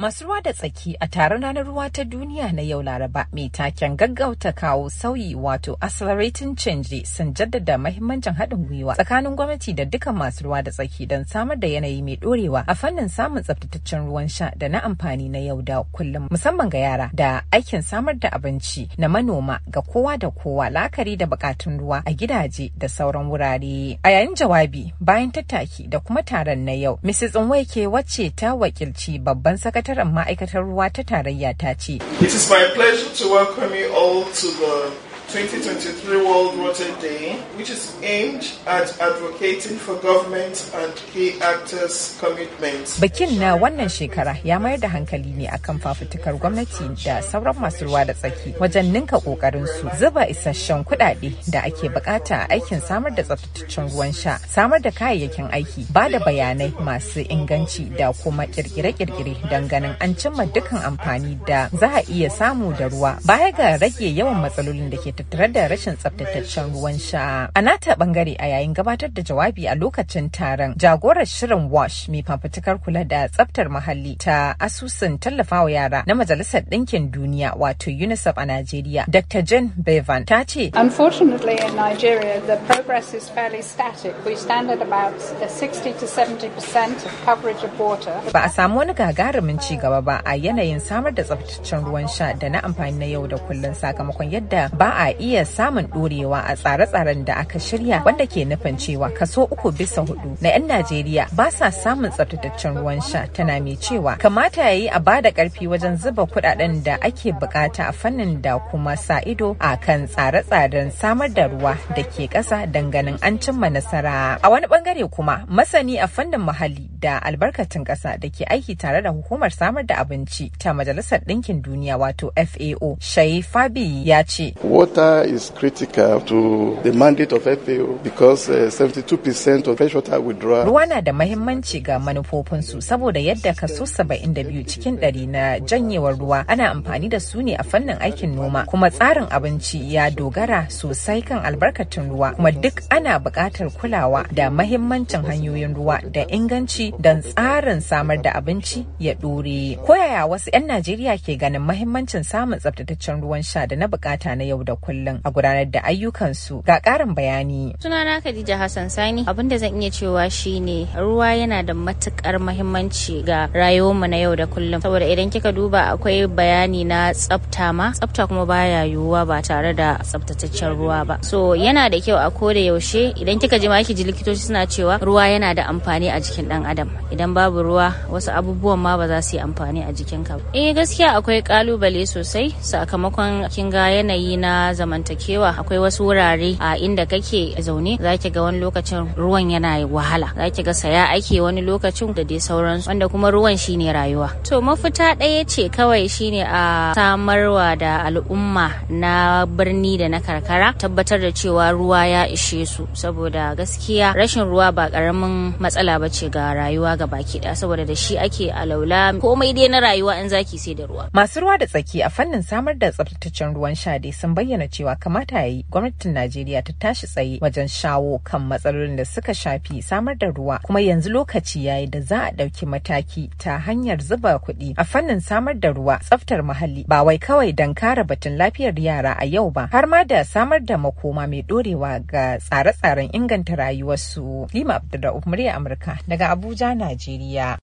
Masu ruwa da tsaki a taron ranar ruwa ta duniya na yau Laraba mai taken gaggauta kawo sauyi wato accelerating change sun jaddada mahimmancin haɗin gwiwa tsakanin gwamnati da duka masu ruwa da tsaki don samar da yanayi mai ɗorewa a fannin samun tsaftataccen ruwan sha da na amfani na yau da kullum musamman ga yara da aikin samar da abinci na manoma ga kowa da kowa la'akari da bukatun ruwa a gidaje da sauran wurare. A yayin jawabi bayan tattaki da kuma taron na yau, Mrs. Nwaike wacce ta wakilci babban sakatare sakataren ma'aikatar ruwa ta tarayya ta ce. It is my pleasure to welcome you all to the 2023 World Water Day, which is aimed at advocating for government and key actors' commitments. Bikin na wannan shekara ya mayar da hankali ne akan fafutukar gwamnati da sauran masu ruwa da tsaki wajen ninka su zuba isasshen kuɗaɗe da ake bukata a aikin samar da tsaftataccen ruwan sha, samar da kayayyakin aiki, ba da bayanai masu inganci da kuma kirkire-kirkire don ganin an cimma dukkan amfani da za a iya samu da ruwa baya ga rage yawan matsalolin da ke tattare da rashin tsaftataccen ruwan sha. A nata bangare a yayin gabatar da jawabi a lokacin taron jagorar shirin wash mai fafutukar kula da tsaftar muhalli ta asusun tallafawa yara na majalisar ɗinkin duniya wato UNICEF a Najeriya. Dr. Jen Bevan ta ce. Unfortunately in Nigeria the progress is fairly static. We stand at about 60 to 70% of coverage of water. Ba a samu wani gagarumin ci gaba ba a yanayin samar da tsaftataccen ruwan sha da na amfani na yau da kullum sakamakon yadda ba a iya samun ɗorewa a tsare-tsaren da aka shirya wanda ke nufin cewa kaso uku bisa hudu na 'yan Najeriya ba sa samun tsabtataccen ruwan sha tana mai cewa kamata ya yi a ba da ƙarfi wajen zuba kuɗaɗen da ake bukata a fannin da kuma sa ido a kan tsare-tsaren samar da ruwa da ke ƙasa danganin an cimma nasara. A wani bangare kuma masani a fannin muhalli da albarkatun ƙasa da ke aiki tare da hukumar samar da abinci ta Majalisar Ɗinkin Duniya wato FAO Shai Fabi ya ce. water is critical to the mandate of FAO because uh, 72% of water withdrawal. Ruwa na da mahimmanci ga manufofinsu saboda yadda kaso 72 cikin ɗari na janyewar ruwa ana amfani da su ne a fannin aikin noma kuma tsarin abinci ya dogara sosai kan albarkatun ruwa kuma duk ana buƙatar kulawa da mahimmancin hanyoyin ruwa da inganci don tsarin samar da abinci ya ɗore. Koyaya wasu 'yan Najeriya ke ganin mahimmancin samun tsabtataccen ruwan sha da na bukata na yau da kullum a gudanar da ayyukansu ga ƙarin bayani. Sunana Khadija Hassan Sani abin da zan iya cewa shine ruwa yana da matukar muhimmanci ga rayuwarmu na yau da kullum saboda idan kika duba akwai bayani na tsafta ma tsafta kuma baya yiwuwa ba tare da tsaftataccen ruwa ba. So yana da kyau a koda yaushe idan kika ji ma ji likitoci suna cewa ruwa yana da amfani a jikin dan adam idan babu ruwa wasu abubuwan ma ba za su yi amfani a jikinka ba. Eh gaskiya akwai kalubale sosai sakamakon kin ga yanayi na zamantakewa akwai wasu wurare a inda kake zaune za ki ga wani lokacin ruwan yana wahala za ki ga saya ake wani lokacin da dai sauransu wanda kuma ruwan shine rayuwa to mafita ɗaya ce kawai shine a samarwa da al'umma na birni da na karkara tabbatar da cewa ruwa ya ishe su saboda gaskiya rashin ruwa ba karamin matsala ba ce ga rayuwa ga baki ɗaya saboda da shi ake a alaula komai dai na rayuwa in zaki sai da ruwa masu ruwa da tsaki a fannin samar da tsabtataccen ruwan sha dai sun bayyana bayyana cewa kamata ya yi gwamnatin Najeriya ta tashi tsaye wajen shawo kan matsalolin da suka shafi samar da ruwa kuma yanzu lokaci yayi da za a ɗauki mataki ta hanyar zuba kuɗi a fannin samar da ruwa tsaftar muhalli ba wai kawai don kare batun lafiyar yara a yau ba har ma da samar da makoma mai ɗorewa ga tsare-tsaren inganta rayuwarsu. Lima Abdulrahman murya Amurka daga Abuja, Najeriya.